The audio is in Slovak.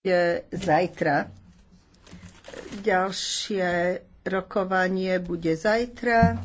bude zajtra. Ďalšie rokovanie bude zajtra.